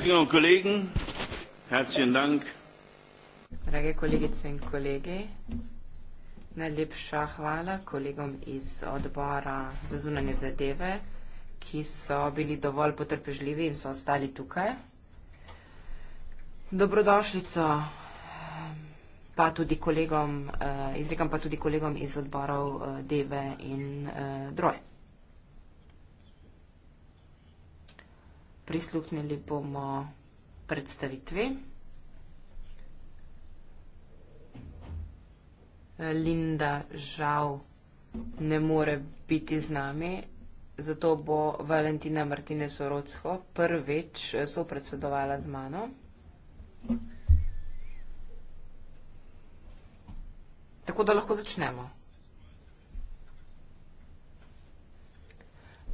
Kolleginnen und Kollegen, herzlichen Dank. Drage kolegice in kolege, najlepša hvala kolegom iz odbora za zunanje zadeve, ki so bili dovolj potrpežljivi in so ostali tukaj. Dobrodošlico pa tudi kolegom, eh, izrekam pa tudi kolegom iz odborov eh, Deve in eh, Droje. prisluhnili bomo predstavitvi. Linda žal ne more biti z nami, zato bo Valentina Martinez Orocko prvič eh, sopredsedovala z mano. Tako da lahko začnemo.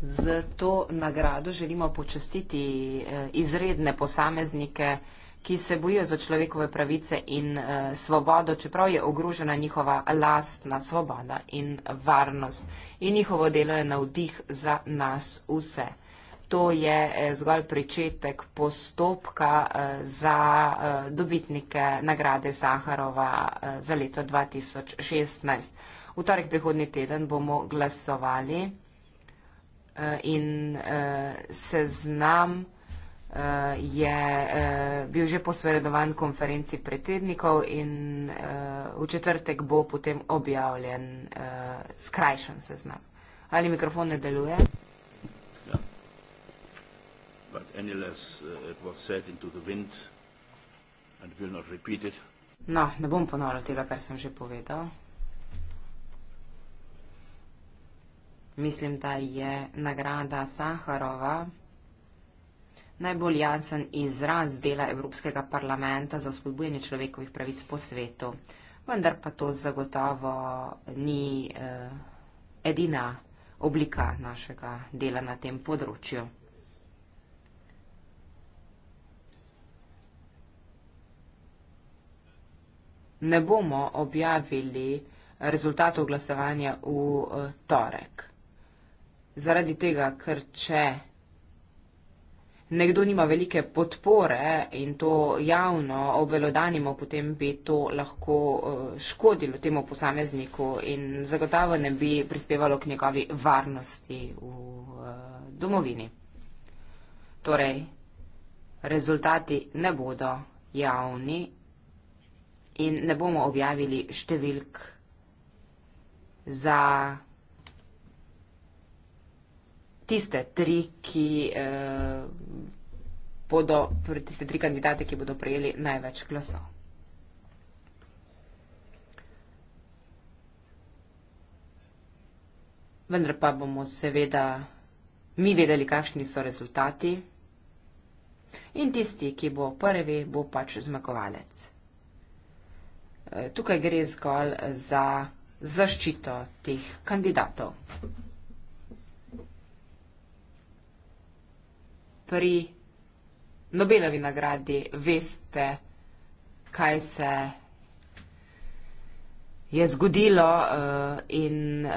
Z to nagrado želimo počestiti eh, izredne posameznike, ki se bojijo za človekove pravice in eh, svobodo, čeprav je ogrožena njihova lastna svoboda in varnost. In njihovo delo je navdih za nas vse. To je eh, zgolj pričetek postopka za dobitnike nagrade Saharova za leto 2016. V torek prihodni teden bomo glasovali. Eh, in eh, seznam eh, je bil že posredovan konferenci predsednikov in v četrtek bo potem objavljen skrajšen seznam. Ali mikrofon ne deluje? Ja. No, ne bom ponovil tega, kar sem že povedal. Mislim, da je nagrada Saharova najbolj jasen izraz dela Evropskega parlamenta za spodbujanje človekovih pravic po svetu. Vendar pa to zagotovo ni eh, edina oblika našega dela na tem področju. Ne bomo objavili rezultatov glasovanja v eh, torek. Zaradi tega, ker če nekdo nima velike podpore in to javno obelodanimo, potem bi to lahko eh, škodilo temu posamezniku in zagotavo ne bi prispevalo k njegovi varnosti v eh, domovini. Torej, rezultati ne bodo javni in ne bomo objavili številk za tiste tri, ki eh, bodo, tiste tri kandidate, ki bodo prejeli največ glasov. Vendar pa bomo seveda mi vedeli, kakšni so rezultati in tisti, ki bo prvi, bo pač zmagovalec. Eh, tukaj gre zgolj za zaščito teh kandidatov. pri Nobelovi nagradi veste, kaj se je zgodilo uh, in uh,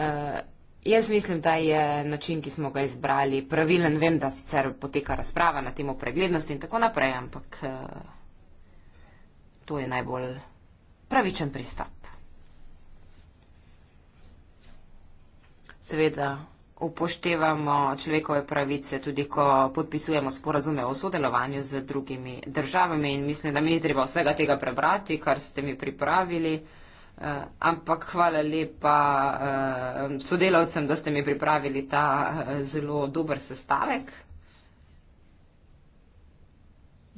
jaz mislim, da je način, ki smo ga izbrali, pravilen. Vem, da sicer poteka razprava na temo preglednosti in tako naprej, ampak uh, to je najbolj pravičen pristop. Seveda upoštevamo človekove pravice, tudi ko podpisujemo sporazume o sodelovanju z drugimi državami in mislim, da mi ni treba vsega tega prebrati, kar ste mi pripravili. Uh, ampak hvala lepa uh, sodelavcem, da ste mi pripravili ta uh, zelo dober sestavek.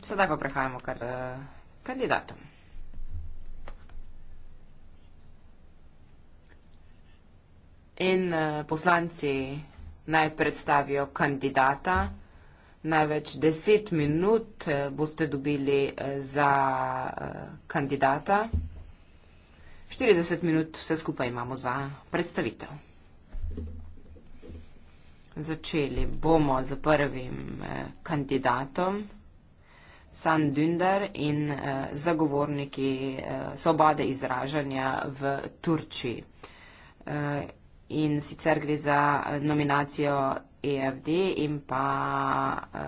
Sedaj pa prehajamo kar uh, kandidatom. in eh, poslanci naj predstavijo kandidata. Največ deset minut eh, boste dobili eh, za kandidata. 40 minut vse skupaj imamo za predstavitev. Začeli bomo z prvim kandidatom, San Dündar in zagovorniki svobode izražanja v Turčiji in sicer gre za eh, nominacijo EFD in pa uh,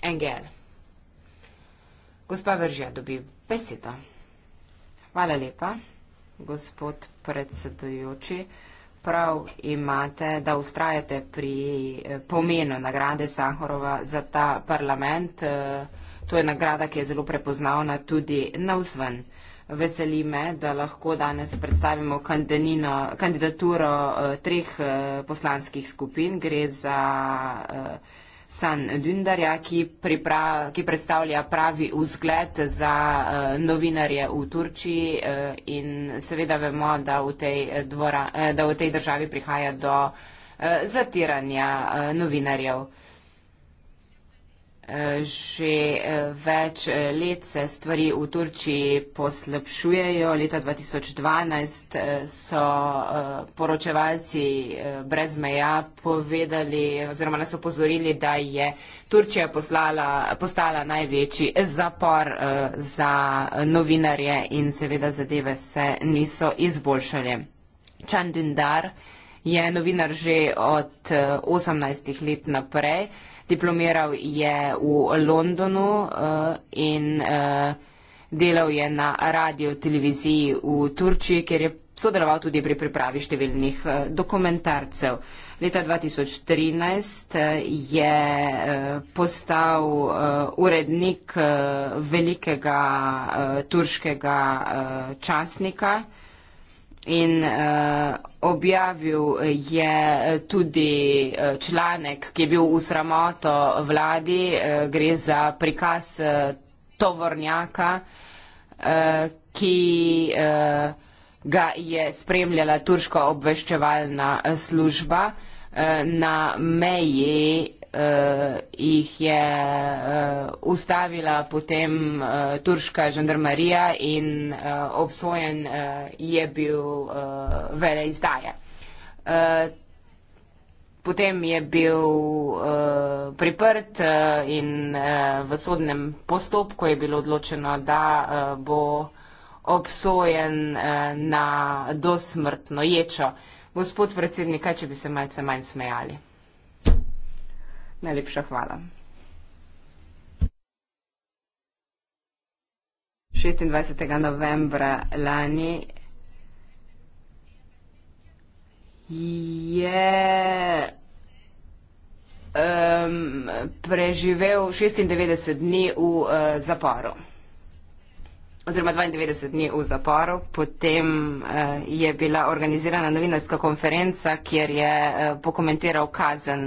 eh, NGL. Gospa Veržija dobi besedo. Hvala lepa, gospod predsedujoči. Prav imate, da ustrajate pri eh, pomenu nagrade Sahorova za ta parlament. To je nagrada, ki je zelo prepoznavna tudi na vzven. Veseli me, da lahko danes predstavimo kandidaturo eh, treh eh, poslanskih skupin. Gre za eh, San Dündarja, ki, ki predstavlja pravi vzgled za novinarje v Turčiji in seveda vemo, da v tej, dvora, da v tej državi prihaja do zatiranja novinarjev. Že eh, več eh, let se stvari v Turčiji poslabšujejo. Leta 2012 eh, so poročevalci brez meja povedali oziroma nas opozorili, da je Turčija poslala, postala največji zapor za novinarje in seveda zadeve se niso izboljšale. Čandindar je novinar že od 18 let naprej. Diplomiral je v Londonu uh, in uh, delal je na radio televiziji v Turčiji, kjer je sodeloval tudi pri pripravi številnih uh, dokumentarcev. Leta 2013 je postal urednik velikega turškega časnika in uh, objavil je eh, tudi eh, članek, ki je bil v sramoto vladi, uh, gre za prikaz uh, tovornjaka, uh, ki uh, ga je spremljala turško obveščevalna služba uh, na meji uh, uh, jih je uh, ustavila potem uh, turška žandarmarija in uh, obsojen uh, je bil uh, vele izdaje. Uh, Potem je bil uh, priprt uh, in uh, v sodnem postopku je bilo odločeno, da uh, bo obsojen uh, na dosmrtno ječo. Gospod predsednik, kaj če bi se malce manj smejali? Najlepša hvala. Šestindvajsetega novembra lani je preživel šestindevetdeset dni v eh, zaporu. Oziroma dvaindevetdeset dni v zaporu, potem eh, je bila organizirana novinarska konferenca, kjer je eh, pokomentiral kazen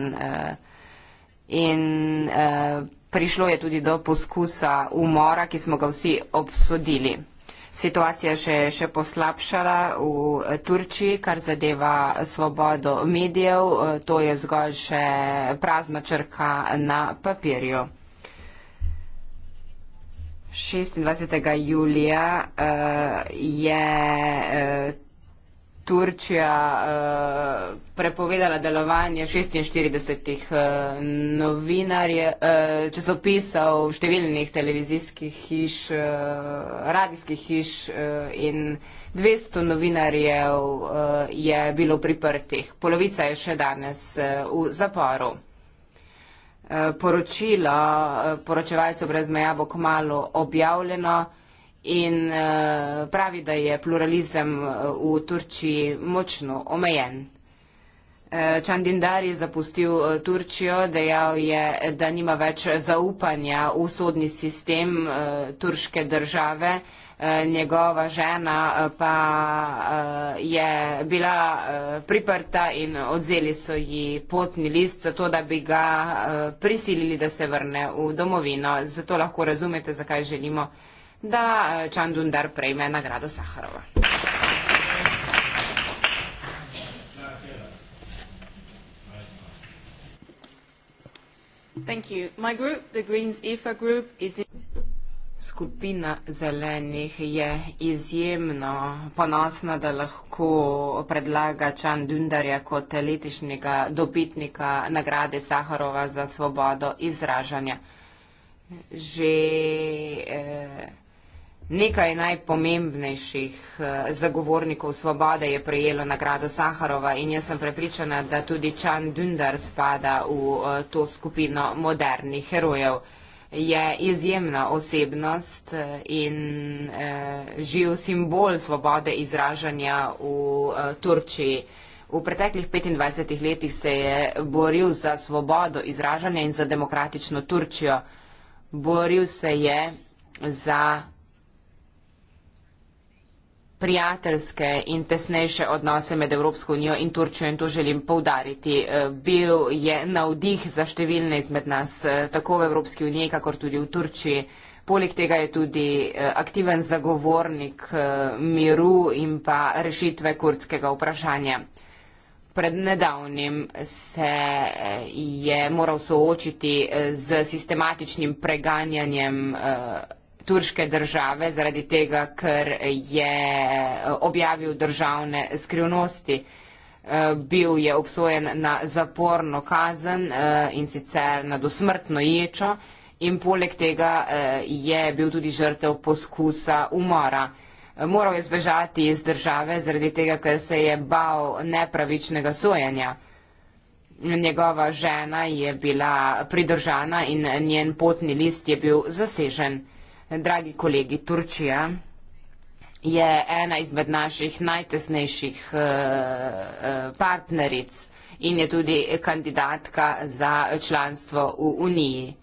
in eh, prišlo je tudi do poskusa umora, ki smo ga vsi obsodili. Situacija še je še poslabšala v eh, Turčiji, kar zadeva svobodo medijev. Eh, to je zgolj še prazna črka na papirju. 26. julija uh, je uh, Turčija uh, prepovedala delovanje 46 uh, novinarjev, uh, časopisov, številnih televizijskih hiš, uh, radijskih hiš uh, in 200 novinarjev uh, je bilo priprtih. Polovica je še danes uh, v zaporu. Poročilo poročevalcev brez meja bo kmalo objavljeno in eh, pravi, da je pluralizem eh, v Turčiji močno omejen. Eh, Čandindar je zapustil Turčijo, dejal je, da nima več zaupanja v sodni sistem turške države. Njegova žena pa je bila priprta in odzeli so ji potni list, zato da bi ga prisilili, da se vrne v domovino. Zato lahko razumete, zakaj želimo da Čandundar eh, prejme nagrado Saharova. Thank you. My group, the Greens IFA e group, is in Skupina zelenih je izjemno ponosna, da lahko predlaga Čan Dundarja kot elitišnjega dobitnika nagrade Saharova za svobodo izražanja. Že eh, Nekaj najpomembnejših eh, zagovornikov svobode je prejelo nagrado Saharova in jaz sem prepričana, da tudi Čan Dündar spada v eh, to skupino modernih herojev. Je izjemna osebnost eh, in živ simbol svobode izražanja v Turčiji. V preteklih 25 letih se je boril za svobodo izražanja in za demokratično Turčijo. Boril se je za prijateljske in tesnejše odnose med Evropsko unijo in Turčijo in to želim povdariti. Eh, bil je navdih za številne izmed nas eh, tako v Evropski uniji, kakor tudi v Turčiji. Poleg tega je tudi eh, aktiven zagovornik miru in pa rešitve kurdskega vprašanja. Pred nedavnim se je moral soočiti z sistematičnim preganjanjem turške države zaradi tega, ker je eh, objavil državne skrivnosti. Eh, bil je obsojen na zaporno kazen eh, in sicer na dosmrtno ječo in poleg tega je bil tudi žrtev poskusa umora. Moral je zbežati iz države zaradi tega, ker se je bal nepravičnega sojenja. Njegova žena je bila pridržana in njen potni list je bil zasežen. Dragi kolegi, Turčija je ena izmed naših najtesnejših eh, eh, partneric in je tudi kandidatka za članstvo v Uniji.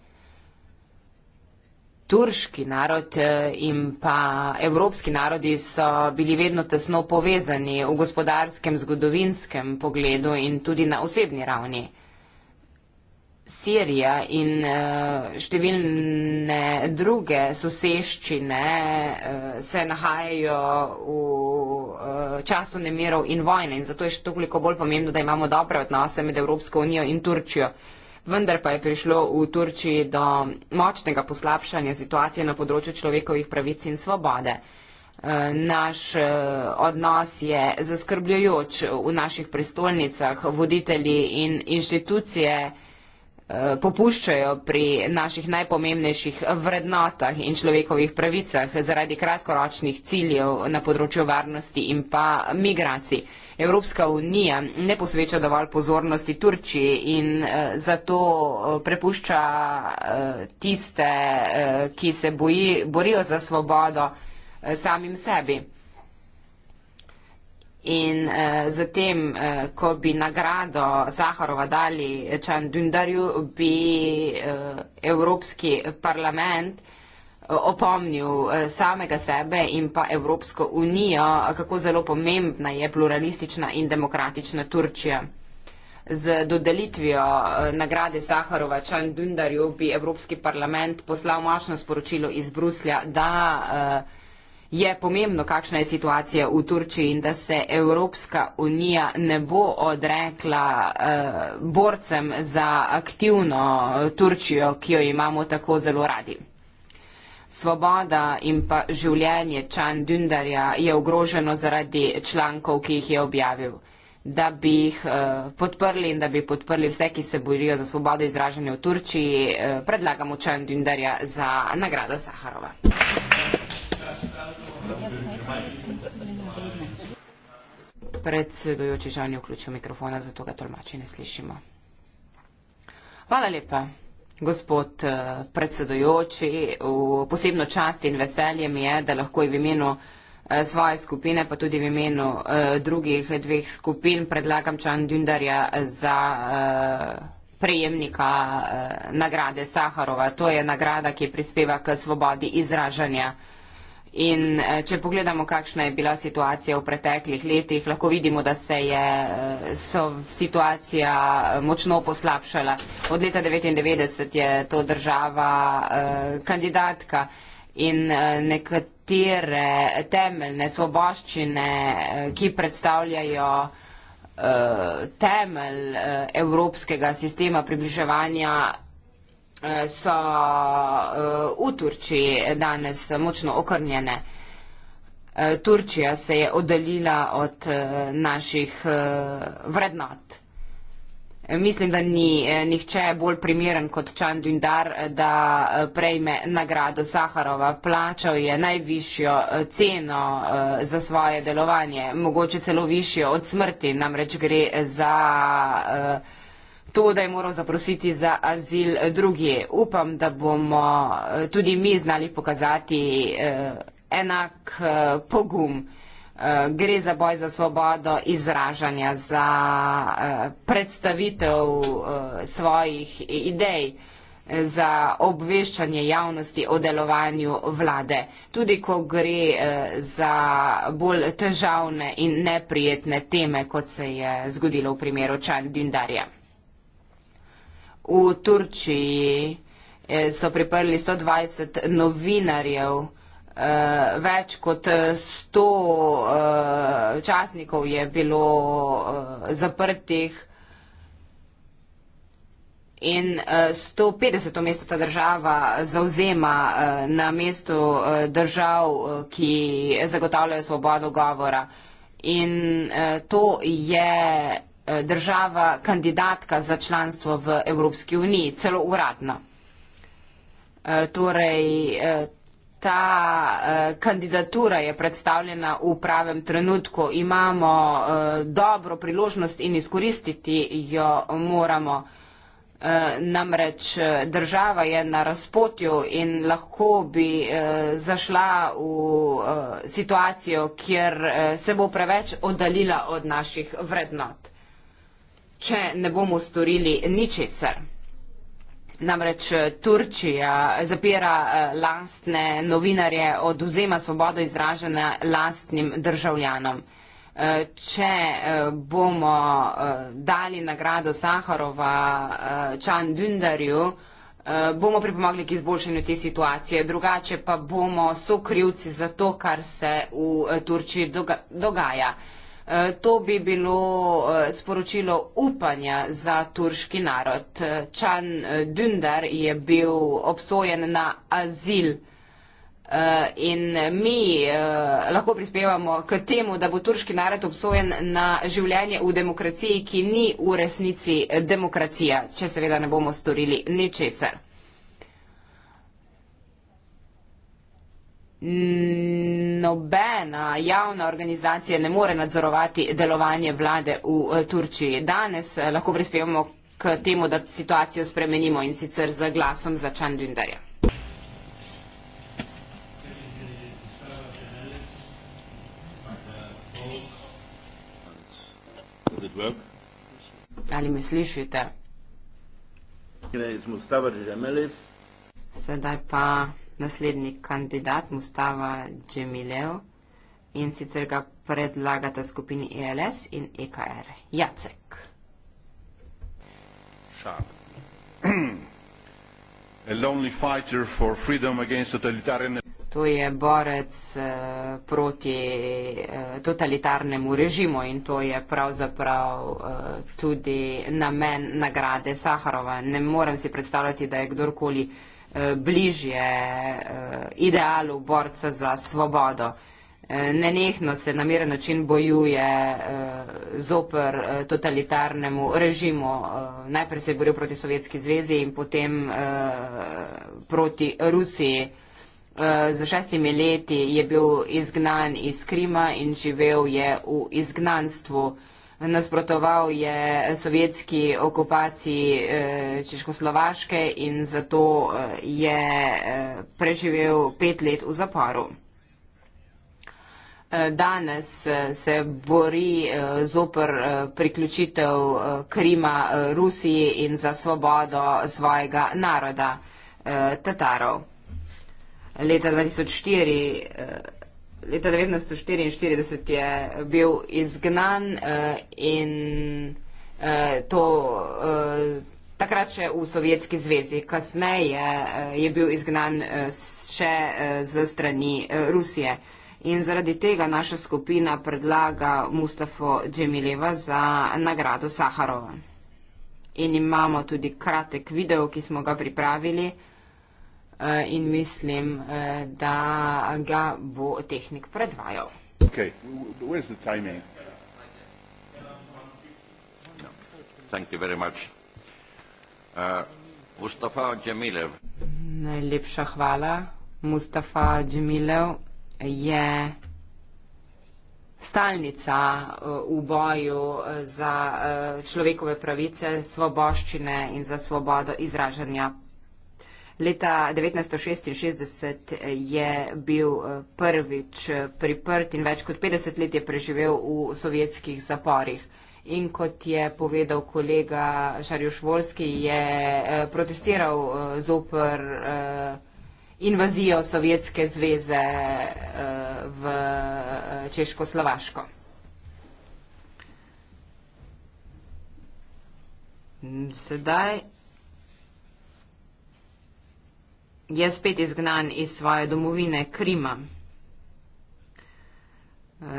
Turški narod eh, in pa evropski narodi so bili vedno tesno povezani v gospodarskem, zgodovinskem pogledu in tudi na osebni ravni. Sirija in eh, številne druge soseščine eh, se nahajajo v eh, času nemirov in vojne in zato je še toliko bolj pomembno, da imamo dobre odnose med Evropsko unijo in Turčijo. Vendar pa je prišlo v Turčiji do močnega poslabšanja situacije na področju človekovih pravic in svobode. Naš odnos je zaskrbljujoč v naših prestolnicah, voditelji in inštitucije, ki so vsega, Eh, popuščajo pri naših najpomembnejših vrednotah in človekovih pravicah zaradi kratkoročnih ciljev na področju varnosti in pa migracij. Evropska unija ne posveča dovolj pozornosti Turčiji in eh, zato eh, prepušča tiste, ki se boji, borijo za svobodo samim sebi in uh, eh, zatem, uh, eh, ko bi nagrado Zaharova dali Čan Dundarju, bi uh, Evropski parlament opomnil samega sebe in pa Evropsko unijo, kako zelo pomembna je pluralistična in demokratična Turčija. Z dodelitvijo nagrade Saharova Čan Dundarju bi Evropski parlament poslal močno sporočilo iz Bruslja, da uh, je pomembno, kakšna je situacija v Turčiji in da se Evropska unija ne bo odrekla uh, borcem za aktivno eh, Turčijo, ki jo imamo tako zelo radi. Svoboda in pa življenje Čan Dündarja je ogroženo zaradi člankov, ki jih je objavil. Da bi jih eh, podprli in da bi podprli vse, ki se borijo za svobodo izražanja v Turčiji, predlagamo Čan Dündarja za nagrado Saharova. Predsedujoči Žan je vključil mikrofona, zato ga tolmači ne slišimo. Hvala lepa, gospod eh, predsedujoči. V posebno čast in veselje mi je, da lahko je v imenu eh, svoje skupine, pa tudi v imenu eh, drugih dveh skupin predlagam Čan Dündarja za prejemnika nagrade Saharova. To je nagrada, ki prispeva k svobodi izražanja. In eh, če pogledamo, kakšna je bila situacija v preteklih letih, lahko vidimo, da se je eh, situacija eh, močno poslabšala. Od leta 1999 je to država kandidatka in nekatere temeljne svoboščine, ki predstavljajo temelj evropskega sistema približevanja so eh, v Turčiji danes močno okrnjene. Eh, Turčija se je oddaljila od eh, naših vrednot. Mislim, da ni nihče bolj primeren kot Čan Dündar, da prejme nagrado Saharova. Plačal je najvišjo ceno za svoje delovanje, mogoče celo višjo od smrti, namreč gre za uh, to, da je moral zaprositi za azil drugi. Upam, da bomo eh, tudi mi znali pokazati eh, enak eh, pogum. Gre za boj za svobodo izražanja, za predstavitev svojih idej za obveščanje javnosti o delovanju vlade, tudi ko gre za bolj težavne in neprijetne teme, kot se je zgodilo v primeru Čan Dindarja. V Turčiji eh, so priprli 120 novinarjev, eh, več kot 100 eh, časnikov je bilo zaprtih in 150 mesto ta država zauzema na mestu držav, ki zagotavljajo svobodo govora. In to je Eh, država kandidatka za članstvo v Evropski uniji, celo uradno. Eh, torej, eh, ta kandidatura je predstavljena v pravem trenutku, imamo dobro priložnost in izkoristiti jo moramo. Namreč država je na razpotju in lahko bi zašla v situacijo, kjer se bo preveč oddaljila od naših vrednot če ne bomo storili ničesar. Namreč eh, Turčija eh, zapira eh, lastne novinarje, oduzema svobodo izražene lastnim državljanom. Če bomo dali nagrado Saharova Čan Dündarju, bomo pripomogli k izboljšanju te situacije, drugače pa bomo sokrivci za to, kar se v Turčiji dogaja. Eh, to bi bilo eh, sporočilo upanja za turški narod. Čan eh, Dündar je bil obsojen na azil. In mi lahko prispevamo k temu, da bo turški narod obsojen na življenje v demokraciji, ki ni v resnici demokracija, če seveda ne bomo storili ničesar nobena javna organizacija ne more nadzorovati delovanje vlade v eh, Turčiji. Danes eh, lahko prispevamo k temu, da situacijo spremenimo in sicer z glasom za Čan Dündarja. Ali me slišite? Sedaj pa naslednji kandidat Mustava Džemileo in sicer ga predlagata skupini ELS in EKR. Jacek. Šal. A lonely fighter for freedom against totalitarian... To je borec uh, proti uh, totalitarnemu režimu in to je pravzaprav uh, tudi namen nagrade Saharova. Ne morem si predstavljati, da je kdorkoli uh, Eh, bližje eh, idealu borca za svobodo. Eh, nenehno se na miren način bojuje zoper totalitarnemu režimu. Najprej se je boril proti Sovjetski zvezi in potem proti Rusiji. Za šestimi leti je bil izgnan iz Krima in živel je v izgnanstvu nasprotoval je sovjetski okupaciji eh, Češkoslovaške in zato eh, je eh, preživel pet let v zaporu. Danes se bori zoper priključitev Krima Rusiji in za svobodo svojega naroda, Tatarov. Leta 2004 leta 1944 je bil izgnan uh, in uh, to uh, takrat še v Sovjetski zvezi. Kasneje uh, je bil izgnan uh, še uh, ze strani uh, Rusije. In zaradi tega naša skupina predlaga Mustafa Džemileva za nagrado Saharova. In imamo tudi kratek video, ki smo ga pripravili. Eh, in mislim, eh, da ga bo tehnik predvajal. Okay, where is the timing? No. Thank you very much. Uh, Mustafa Djemilev. Najlepša hvala. Mustafa Djemilev je stalnica v boju za človekove pravice, svoboščine in za svobodo izražanja Leta 1966 je bil eh, prvič eh, priprt in več kot 50 let je preživel v sovjetskih zaporih. In kot je povedal kolega Šarjuš Volski, je eh, protestiral zopr invazijo Sovjetske zveze v Češko-Slovaško. Sedaj je spet izgnan iz svoje domovine Krima.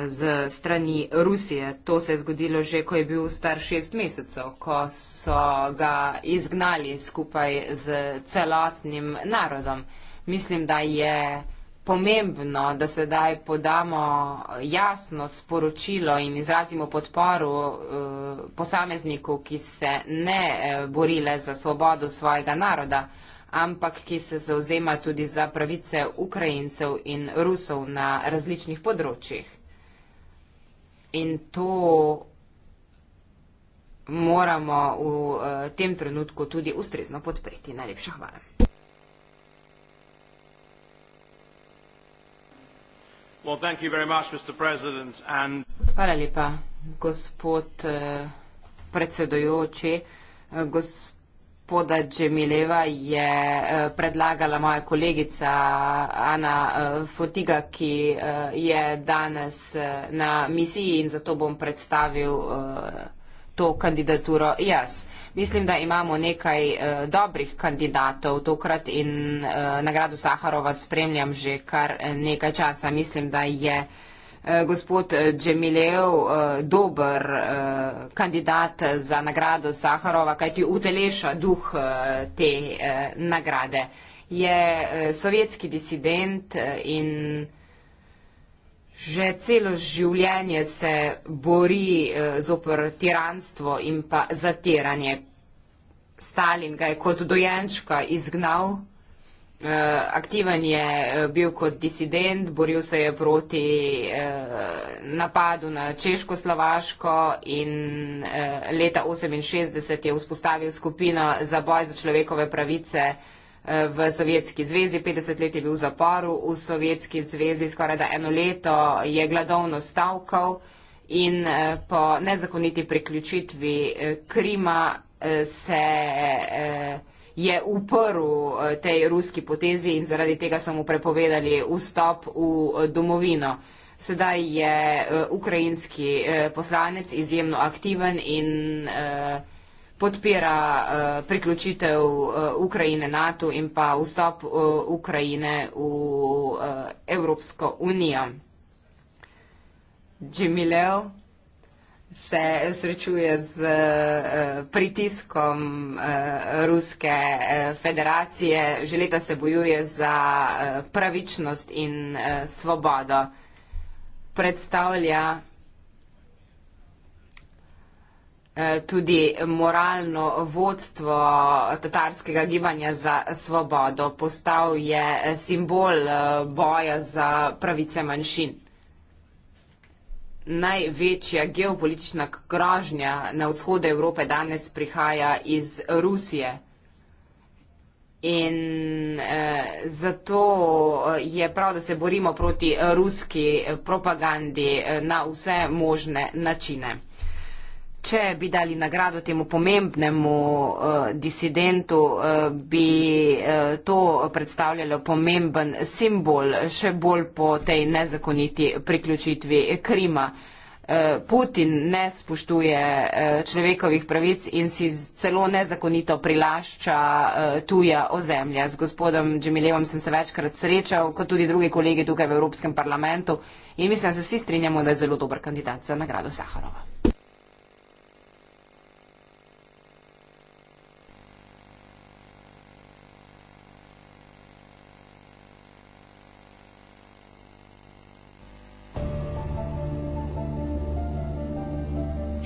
Z strani Rusije. To se je zgodilo že, ko je bil star šest mesecev, ko so ga izgnali skupaj z celotnim narodom. Mislim, da je pomembno, da sedaj podamo jasno sporočilo in izrazimo podporo eh, posamezniku, ki se ne eh, borile za svobodo svojega naroda ampak ki se zauzema tudi za pravice Ukrajincev in Rusov na različnih področjih. In to moramo v eh, tem trenutku tudi ustrezno podpreti. Najlepša hvala. Well, thank you very much, Mr. President, and... Hvala lepa, gospod eh, predsedujoči. Eh, gos gospoda Džemileva je eh, predlagala moja kolegica eh, Ana eh, Fotiga, ki je danes na misiji in zato bom predstavil to kandidaturo jaz. Mislim, da imamo nekaj dobrih kandidatov tokrat in nagrado Saharova spremljam že kar nekaj časa. Mislim, da je Eh, gospod eh, Džemilev eh, dober kandidat za nagrado Saharova, kajti uteleša duh te nagrade. Je sovjetski disident in že celo življenje se bori zopr tiranstvo in pa zatiranje. Stalin ga je kot dojenčka izgnal. Eh, aktiven je eh, bil kot disident, boril se je proti eh, napadu na Češko-Slovaško in leta 1968 je vzpostavil skupino za boj za človekove pravice v Sovjetski zvezi, 50 let je bil v zaporu v Sovjetski zvezi, skoraj da eno leto je gladovno stavkal in po nezakoniti priključitvi Krima se je je uprl eh, tej ruski potezi in zaradi tega so mu prepovedali vstop v eh, domovino. Sedaj je eh, ukrajinski poslanec izjemno aktiven in podpira priključitev Ukrajine NATO in pa vstop Ukrajine v Evropsko unijo. Jimmy Leo se srečuje z uh, pritiskom uh, Ruske uh, federacije, že leta se bojuje za uh, pravičnost in uh, svobodo. Predstavlja tudi moralno vodstvo tatarskega gibanja za svobodo. Postal je simbol boja za pravice manjšin največja geopolitična grožnja na vzhode Evrope danes prihaja iz Rusije. In eh, zato eh, je prav, da se borimo proti ruski propagandi eh, na vse možne načine. Če bi dali nagrado temu pomembnemu uh, disidentu, uh, bi uh, to predstavljalo pomemben simbol, še bolj po tej nezakoniti priključitvi Krima. Putin ne spoštuje človekovih pravic in si celo nezakonito prilašča tuja ozemlja. Z gospodom Džemilevom sem se večkrat srečal, kot tudi drugi kolegi tukaj v Evropskem parlamentu in mislim, da se vsi strinjamo, da je zelo dober kandidat za nagrado Saharova.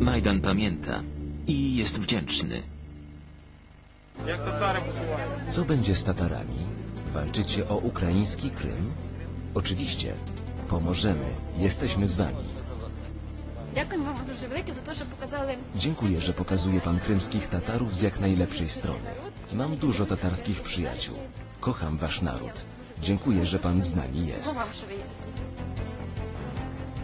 Majdan pamięta i jest wdzięczny. Jak tatary Co będzie z tatarami? Walczycie o ukraiński Krym? Oczywiście, pomożemy. Jesteśmy z wami. Dziękuję wam bardzo wielkie za to, że pokazali... Dziękuję, że pokazuje pan krymskich Tatarów z jak najlepszej strony. Mam dużo tatarskich przyjaciół. Kocham wasz naród. Dziękuję, że pan z nami jest. Kocham,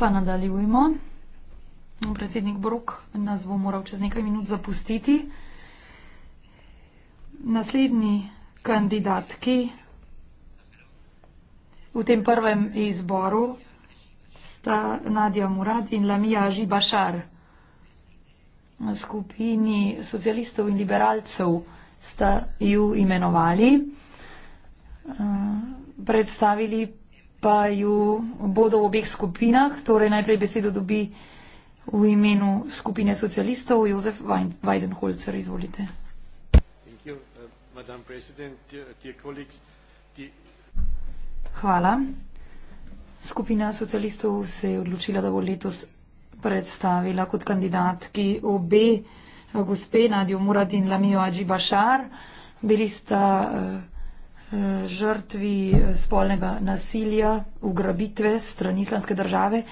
pa nadaljujmo. Predsednik Brok nas bo moral čez nekaj minut zapustiti. Naslednji kandidatki v tem prvem izboru sta Nadja Murad in Lamija Žibašar. Na skupini socialistov in liberalcev sta ju imenovali, eh, predstavili pa ju bodo v obeh skupinah. Torej najprej besedo dobi v imenu skupine socialistov Jozef Weidenholzer. Izvolite. Uh, Hvala. Skupina socialistov se je odločila, da bo letos predstavila kot kandidatki obe gospe Nadjo Murad in Lamijo Adji Bašar. Bili sta uh, žrtvi eh, spolnega nasilja, ugrabitve strani islamske države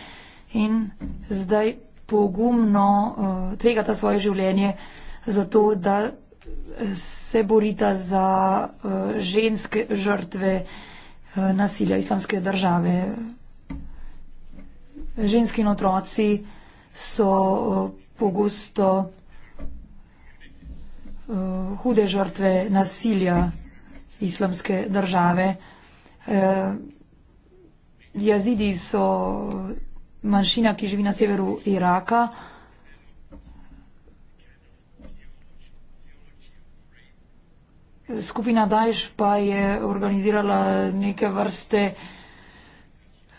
in zdaj pogumno eh, tvegata svoje življenje za to, da eh, se borita za ženske žrtve nasilja islamske države. Ženski in otroci so pogosto hude žrtve nasilja islamske države. Eh, jazidi so manjšina, ki živi na severu Iraka. Skupina Daesh pa je organizirala neke vrste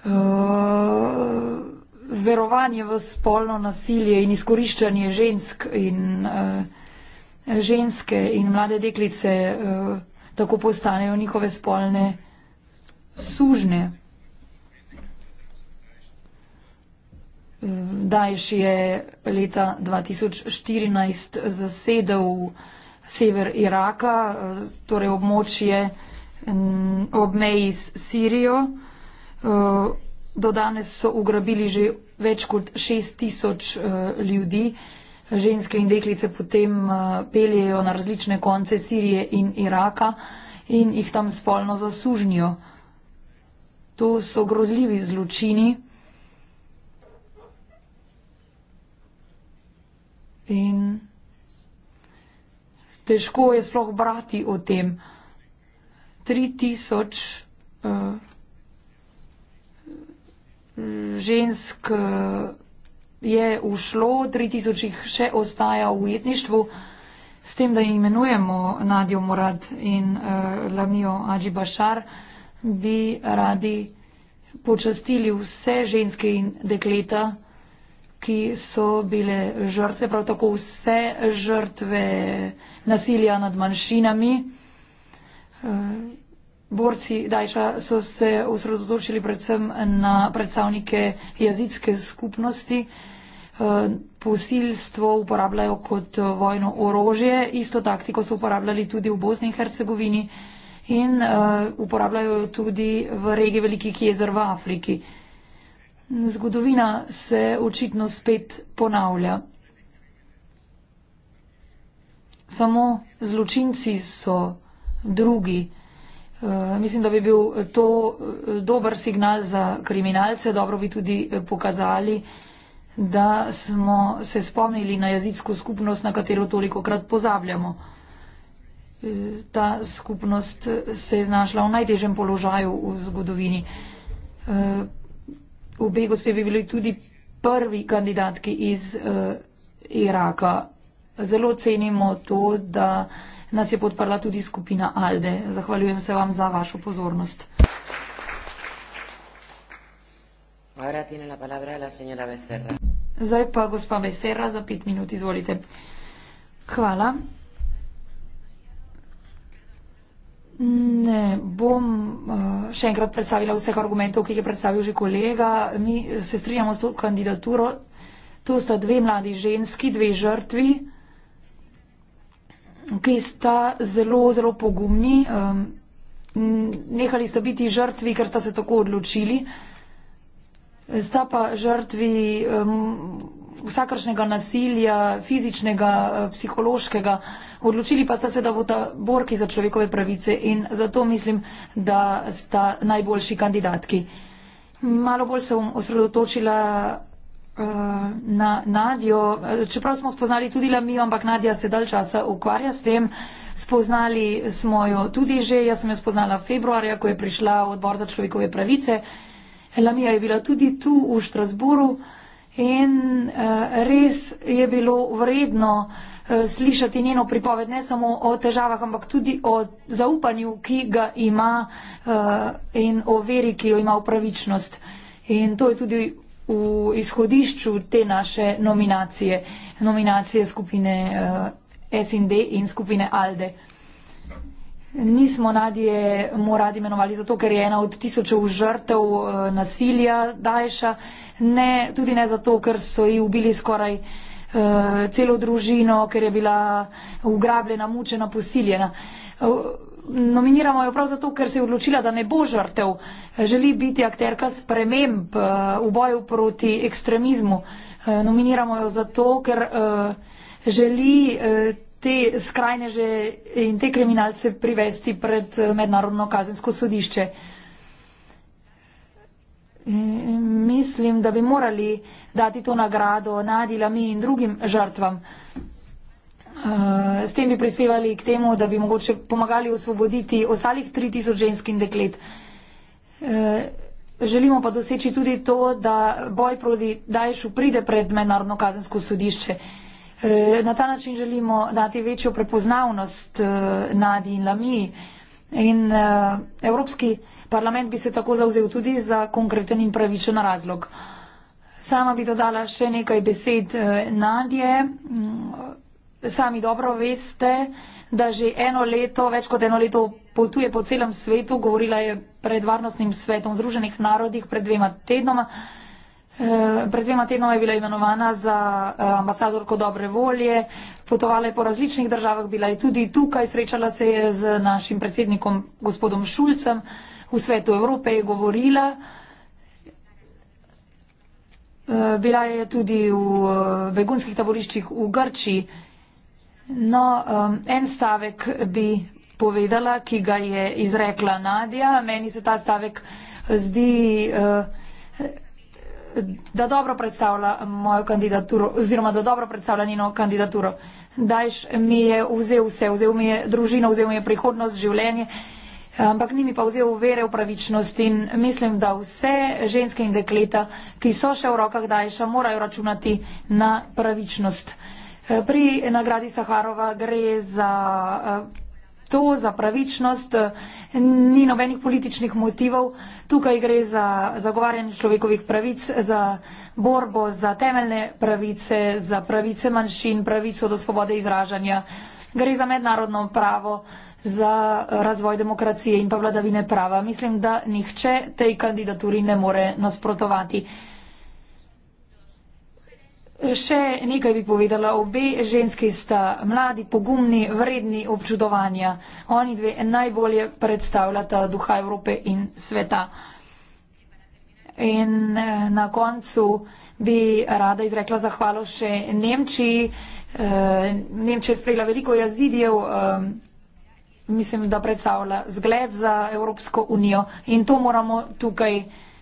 uh, verovanje v spolno nasilje in izkoriščanje žensk in uh, ženske in mlade deklice. Uh, tako postanejo njihove spolne sužne. Dajš je leta 2014 zasedel sever Iraka, torej območje ob meji s Sirijo. Do danes so ugrabili že več kot 6000 eh, ljudi ženske in deklice potem eh, peljejo na različne konce Sirije in Iraka in jih tam spolno zasužnijo. To so grozljivi zločini. In težko je sploh brati o tem. 3000 uh, eh, žensk. Uh, je ušlo, 3000 jih še ostaja v ujetništvu, s tem, da imenujemo Nadjo Morad in uh, Lamijo Aji Bašar, bi radi počastili vse ženske in dekleta, ki so bile žrtve, prav tako vse žrtve nasilja nad manjšinami. Uh, Borci Dajša so se osredotočili predvsem na predstavnike jezitske skupnosti. Eh, posilstvo uporabljajo kot eh, vojno orožje, isto taktiko so uporabljali tudi v Bosni in Hercegovini in eh, uporabljajo tudi v regiji velikih jezer v Afriki. Zgodovina se očitno spet ponavlja. Samo zločinci so drugi. Eh, mislim, da bi bil to eh, dober signal za kriminalce, dobro bi tudi eh, pokazali, da smo se spomnili na jezitsko skupnost, na katero toliko krat pozabljamo. Ta skupnost se je znašla v najtežjem položaju v zgodovini. Obe gospe bi bili tudi prvi kandidatki iz Iraka. Zelo cenimo to, da nas je podprla tudi skupina Alde. Zahvaljujem se vam za vašo pozornost. Zdaj pa gospa Becerra za pet minut, izvolite. Hvala. Ne bom eh, še enkrat predstavila vseh argumentov, ki jih je predstavil že kolega. Mi se strinjamo s to kandidaturo. To sta dve mladi ženski, dve žrtvi ki sta zelo, zelo pogumni. Um, nehali sta biti žrtvi, ker sta se tako odločili. Sta pa žrtvi um, vsakršnega nasilja, fizičnega, eh, psihološkega. Odločili pa sta se, da bo ta borki za človekove pravice in zato mislim, da sta najboljši kandidatki. Malo bolj se bom osredotočila Eh, na Nadjo, eh, čeprav smo spoznali tudi Lamijo, ampak Nadja se dal časa ukvarja s tem. Spoznali smo jo tudi že, jaz sem jo spoznala februarja, ko je prišla v odbor za človekove pravice. Lamija je bila tudi tu v Štrasburu in eh, res je bilo vredno slišati njeno pripoved ne samo o težavah, ampak tudi o zaupanju, ki ga ima in o veri, ki jo ima v pravičnost. In to je tudi v izhodišču te naše nominacije, nominacije skupine uh, eh, SND in skupine ALDE. Nismo Nadije morali imenovali zato, ker je ena od tisočev žrtev uh, nasilja Dajša, ne, tudi ne zato, ker so ji ubili skoraj uh, celo družino, ker je bila ugrabljena, mučena, posiljena. Uh, nominiramo jo prav zato, ker se je odločila, da ne bo žrtev, želi biti akterka sprememb eh, v boju proti ekstremizmu. Eh, nominiramo jo zato, ker eh, želi te skrajneže in te kriminalce privesti pred mednarodno kazensko sodišče. Mislim, da bi morali dati to nagrado Nadi Lami in drugim žrtvam. Eh, s tem bi prispevali k temu, da bi mogoče pomagali osvoboditi ostalih 3000 žensk in deklet. Eh, želimo pa doseči tudi to, da boj proti Daješu pride pred mednarodno kazensko sodišče. Eh, na ta način želimo dati večjo prepoznavnost Nadi in Lamiji. In Evropski parlament bi se tako zauzel tudi za konkreten in pravičen razlog. Sama bi dodala še nekaj besed Nadje. Mm, Sami dobro veste, da že eno leto, več kot eno leto potuje po celem svetu, govorila je pred Varnostnim svetom Združenih narodih pred dvema tednoma. Eh, pred dvema tednoma je bila imenovana za eh, ambasadorko dobre volje, potovala je po različnih državah, bila je tudi tukaj, srečala se je z našim predsednikom gospodom Šulcem, v svetu Evrope je govorila. Eh, bila je tudi v begunskih taboriščih v Grčiji, No, um, en stavek bi povedala, ki ga je izrekla Nadja. Meni se ta stavek zdi, uh, da dobro predstavlja mojo kandidaturo oziroma da dobro predstavlja njeno kandidaturo. Dajš mi je vzel vse, vzel mi je družino, vzel mi je prihodnost, življenje, ampak ni mi pa vzel vere v pravičnost in mislim, da vse ženske in dekleta, ki so še v rokah Dajša, morajo računati na pravičnost. Uh, Pri nagradi Saharova gre za eh, to, za pravičnost, ni nobenih političnih motivov. Tukaj gre za zagovarjanje človekovih pravic, za borbo, za temeljne pravice, za pravice manjšin, pravico do svobode izražanja. Gre za mednarodno pravo, za razvoj demokracije in pa vladavine prava. Mislim, da nihče tej kandidaturi ne more nasprotovati. Še nekaj bi povedala. Obe ženski sta mladi, pogumni, vredni občudovanja. Oni dve najbolje predstavljata duha Evrope in sveta. In eh, na koncu bi rada izrekla zahvalo še Nemčiji. Eh, Nemčija je sprejela veliko jazidijev, eh, mislim, da predstavlja zgled za Evropsko unijo in to moramo tukaj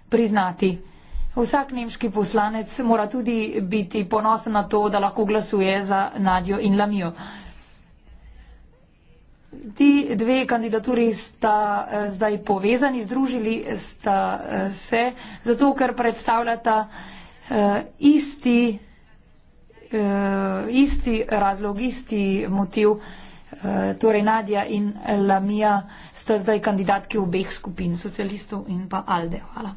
priznati. Vsak nemški poslanec mora tudi biti ponosen na to, da lahko glasuje za Nadjo in Lamijo. Ti dve kandidaturi sta eh, zdaj povezani, združili sta eh, se, zato ker predstavljata eh, isti, isti razlog, isti motiv. Torej Nadja in Lamija sta zdaj kandidatki obeh skupin, socialistov in pa Alde. Hvala.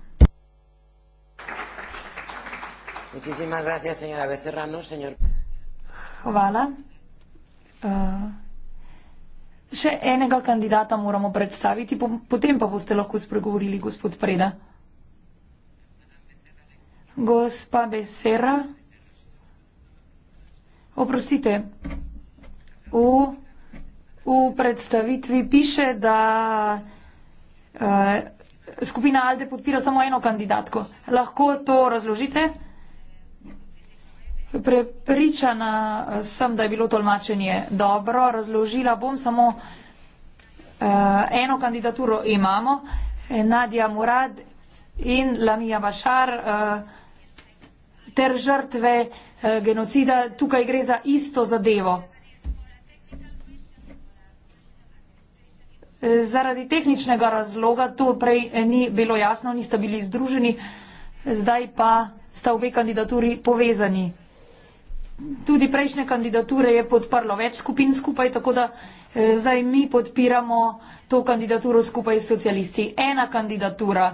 Muchísimas gracias, señora Becerra. No, señor. Hvala. Uh, še enega kandidata moramo predstaviti, potem pa boste lahko spregovorili, gospod Preda. Gospa Becerra. Oprostite, v, v predstavitvi piše, da. Uh, skupina Alde podpira samo eno kandidatko. Lahko to razložite? Prepričana eh, sem, da je bilo tolmačenje dobro. Razložila bom samo eh, eno kandidaturo imamo. Eh, Nadja Murad in Lamija Bašar eh, ter žrtve eh, genocida. Tukaj gre za isto zadevo. Zaradi tehničnega razloga to prej ni bilo jasno, niste bili združeni, zdaj pa sta obe kandidaturi povezani. Tudi prejšnje kandidature je podprlo več skupin skupaj, tako da eh, zdaj mi podpiramo to kandidaturo skupaj s socialisti. Ena kandidatura,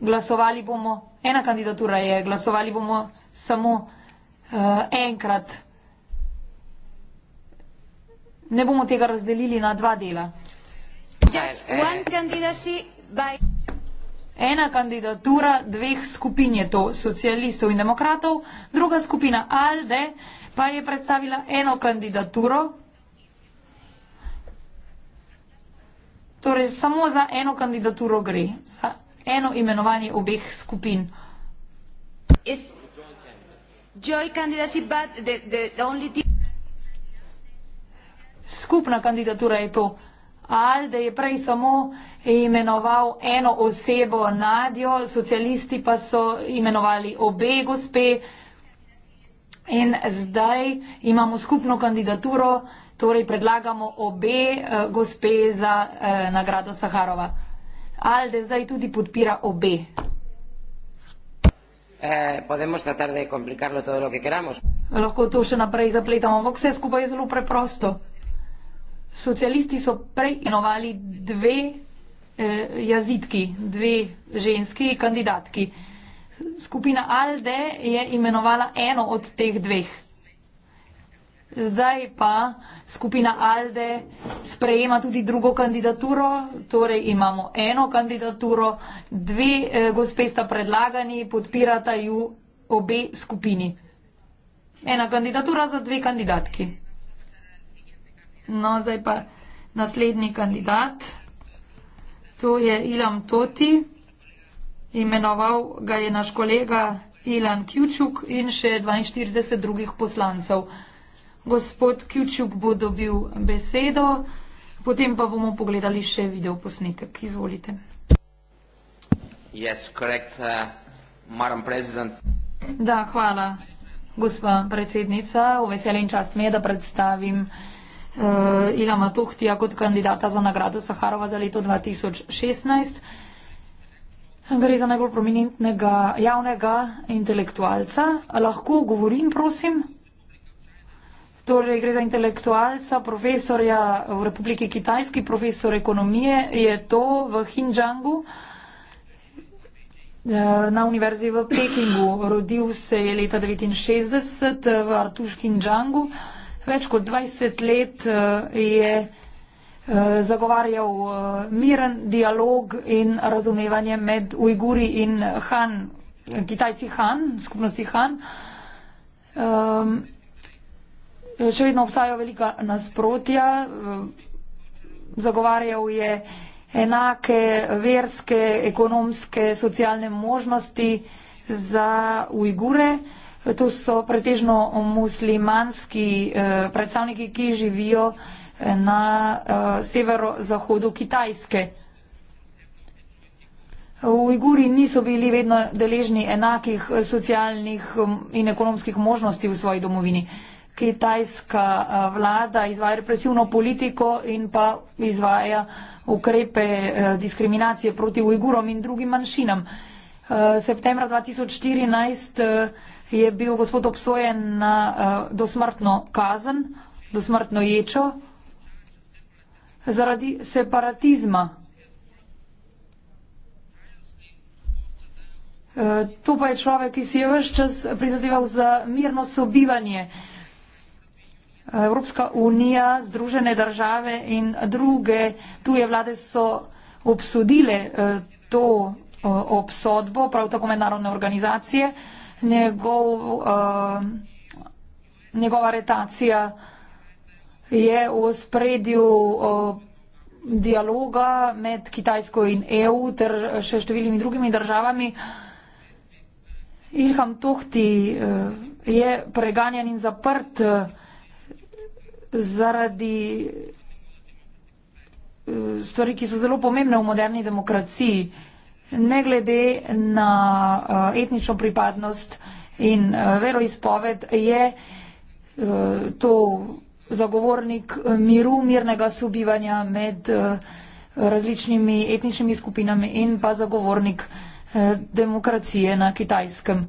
glasovali bomo, ena kandidatura je, glasovali bomo samo uh, enkrat. Ne bomo tega razdelili na dva dela. Just e. one candidacy by... Ena kandidatura dveh skupin je to, socialistov in demokratov, druga skupina ALDE pa je predstavila eno kandidaturo, torej samo za eno kandidaturo gre, za eno imenovanje obeh skupin. Is... Joy candidacy, but the, the, the only... Skupna kandidatura je to ali da je prej samo imenoval eno osebo Nadjo, socialisti pa so imenovali obe gospe in zdaj imamo skupno kandidaturo, torej predlagamo obe eh, gospe za eh, nagrado Saharova. Alde zdaj tudi podpira obe. Eh, podemos tratar de complicarlo todo lo que queramos. Lahko to še naprej zapletamo, ampak vse skupaj je zelo preprosto. Socialisti so preimenovali dve eh, jezitki, dve ženski kandidatki. Skupina Alde je imenovala eno od teh dveh. Zdaj pa skupina Alde sprejema tudi drugo kandidaturo, torej imamo eno kandidaturo, dve eh, gospe sta predlagani, podpirata ju obe skupini. Ena kandidatura za dve kandidatki. No, zdaj pa naslednji kandidat. To je Ilan Toti, imenoval ga je naš kolega Ilan Kjučuk in še 42 drugih poslancev. Gospod Kjučuk bo dobil besedo, potem pa bomo pogledali še video posnetek. Izvolite. Yes, correct, uh, da, hvala, gospa predsednica. V veselje in čast mi je, da predstavim uh, uh, eh, Ilama Tuhtija kot kandidata za nagrado Saharova za leto 2016. Gre za najbolj prominentnega javnega intelektualca. Lahko govorim, prosim. Torej, gre za intelektualca, profesorja v Republiki Kitajski, profesor ekonomije, je to v Hinjangu eh, na univerzi v Pekingu. Rodil se je leta 1969 v Artuš Hinjangu. Več kot 20 let eh, je eh, zagovarjal eh, miren dialog in razumevanje med Ujguri in Han, Kitajci Han, skupnosti Han. Ehm, še vedno obstajajo velika nasprotja. Zagovarjal je enake verske, ekonomske, socialne možnosti za Ujgure. To so pretežno muslimanski eh, predstavniki, ki živijo eh, na eh, severozahodu Kitajske. Ujguri niso bili vedno deležni enakih socialnih in ekonomskih možnosti v svoji domovini. Kitajska vlada izvaja represivno politiko in pa izvaja ukrepe diskriminacije proti Ujgurom in drugim manjšinam. Septembra 2014 je bil gospod obsojen na uh, dosmrtno kazen, dosmrtno ječo zaradi separatizma. Uh, to pa je človek, ki si je vse čas prizadeval za mirno sobivanje. Eh, Evropska unija, Združene države in druge tuje vlade so obsodile to obsodbo, prav tako mednarodne organizacije njegov, uh, njegova retacija je v spredju uh, dialoga med Kitajsko in EU ter še številnimi drugimi državami. Ilham Tohti uh, je preganjan in zaprt uh, zaradi uh, stvari, ki so zelo pomembne v moderni demokraciji ne glede na eh, etnično pripadnost in eh, veroizpoved, je eh, to zagovornik miru, mirnega subivanja med različnimi etničnimi skupinami in pa zagovornik demokracije na kitajskem.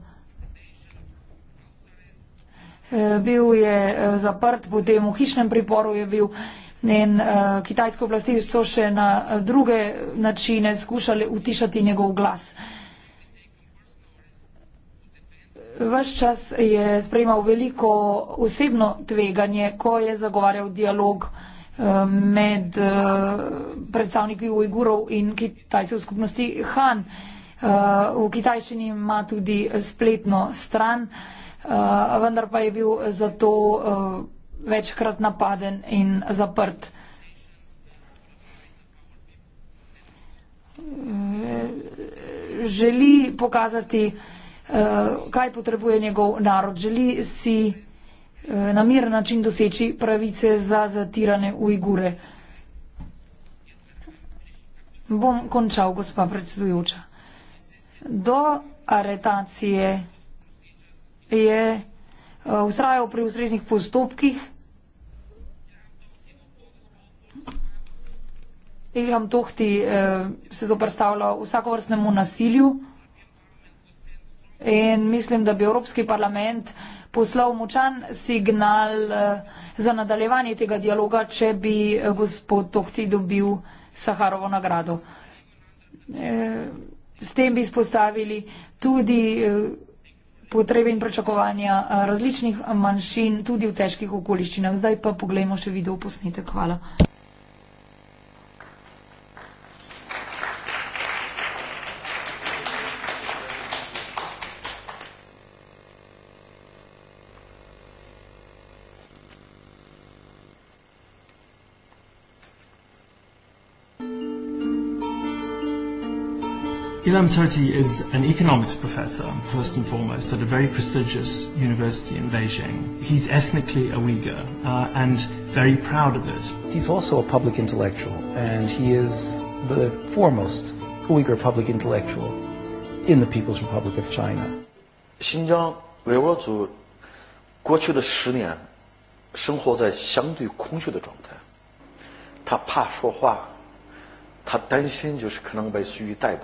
Bil je zaprt, potem v hišnem priporu je bil, In uh, kitajske oblasti so še na eh, druge načine skušali utišati njegov glas. Vaš čas je sprejemal veliko osebno tveganje, ko je zagovarjal dialog eh, med predstavniki Ujgurov in kitajske skupnosti Han. V kitajščini ima tudi spletno stran, vendar pa je bil zato večkrat napaden in zaprt. Želi pokazati, eh, kaj potrebuje njegov narod. Želi si eh, na mir način doseči pravice za zatirane Ujgure. Bom končal, gospa predsedujoča. Do aretacije je Eh, vztrajal pri ustreznih postopkih. Ilham Tohti eh, se zoprstavlja vsako vrstnemu nasilju in mislim, da bi Evropski parlament poslal močan signal eh, za nadaljevanje tega dialoga, če bi eh, gospod Tohti dobil Saharovo nagrado. Eh, s tem bi izpostavili tudi. Eh, potrebe in pričakovanja eh, različnih manjšin tudi v težkih okoliščinah. Zdaj pa pogledamo še video posnetek. Hvala. Ilam Toti is an economics professor, first and foremost, at a very prestigious university in Beijing. He's ethnically a Uyghur uh, and very proud of it. He's also a public intellectual, and he is the foremost Uyghur public intellectual in the People's Republic of China. 他怕说话，他担心就是可能被苏玉逮捕。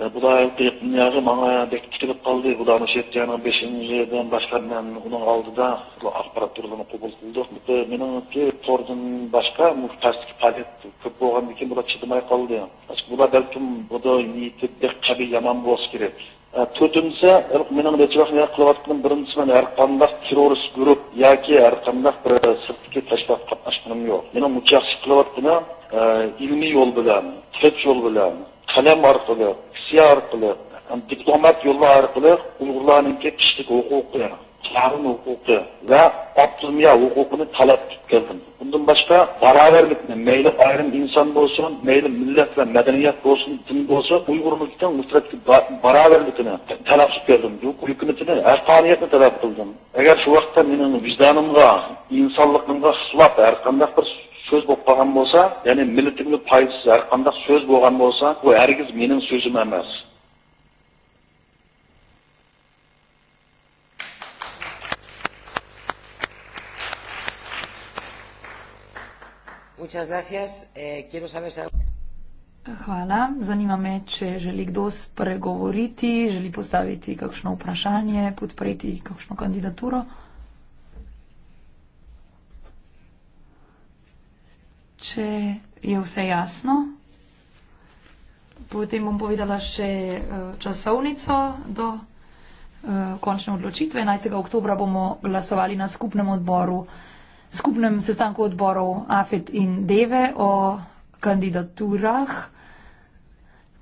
E, bu da niyazı bana bekletilip kaldı. Bu da Anuşet Diyan'ın beşinci yerden başka ben onu aldı da aparat durulunu kabul kıldı. Bu da benim ki tordun başka muhtarsık palet köp boğandı ki bu da çıdımaya kaldı. Açık bu da belkim bu da niyeti bir kabi yaman boz gerek. Төртінші, менің рәтчіғақ мен қылып атқан бірінші мен әрқандақ террорист күріп, яке әрқандақ бір сұртыке тәшбәк қатнашқаным ең. Менің мұчақшы қылып атқаны, ілмей ол білән, тәт жол білән, қалам арқылы, Rusya arqılı, diplomat yolu arqılı Uyghurların ki kişilik hukuku, çağrın hukuku ve Abdülmiya hukukunu talep tutkildim. Bundan başka beraberlikle, meyli ayrım insan olsun, meyli millet ve medeniyet olsun, din olsun, Uyghurlukta mutlaka beraberlikini talep tutkildim. Hükümetini, her taniyetini talep tutkildim. Eğer şu vakitte benim vicdanımda, insanlıkımda hıslat, erkanlık bir söz boqpagan bolsa, ya'ni millatimni paysiz har qanday söz bo'lgan bolsa, bu hergiz mening so'zim emas. Muchas gracias. Eh, quiero saber si... Hvala. Zanima me, če želi kdo spregovoriti, želi postaviti kakšno vprašanje, podpreti kakšno kandidaturo. če je vse jasno. Potem bom povedala še eh, časovnico do eh, končne odločitve. 11. oktobra bomo glasovali na skupnem odboru, skupnem sestanku odborov AFET in DEVE o kandidaturah.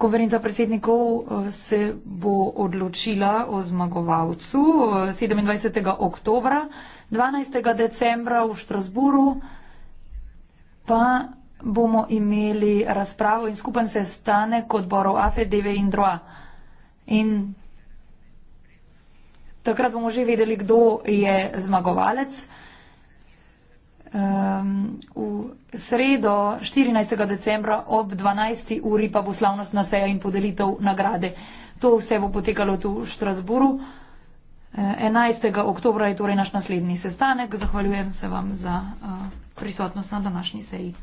Konferenca predsednikov eh, se bo odločila o zmagovalcu 27. oktobra, 12. decembra v Štrasburu pa bomo imeli razpravo in skupen sestanek odborov AFE, DVE in DROA. In takrat bomo že vedeli, kdo je zmagovalec. Um, v sredo 14. decembra ob 12. uri pa bo slavnostna seja in podelitev nagrade. To vse bo potekalo tu v Štrasburu. 11. oktobra je torej naš naslednji sestanek. Zahvaljujem se vam za eh, prisotnost na današnji seji.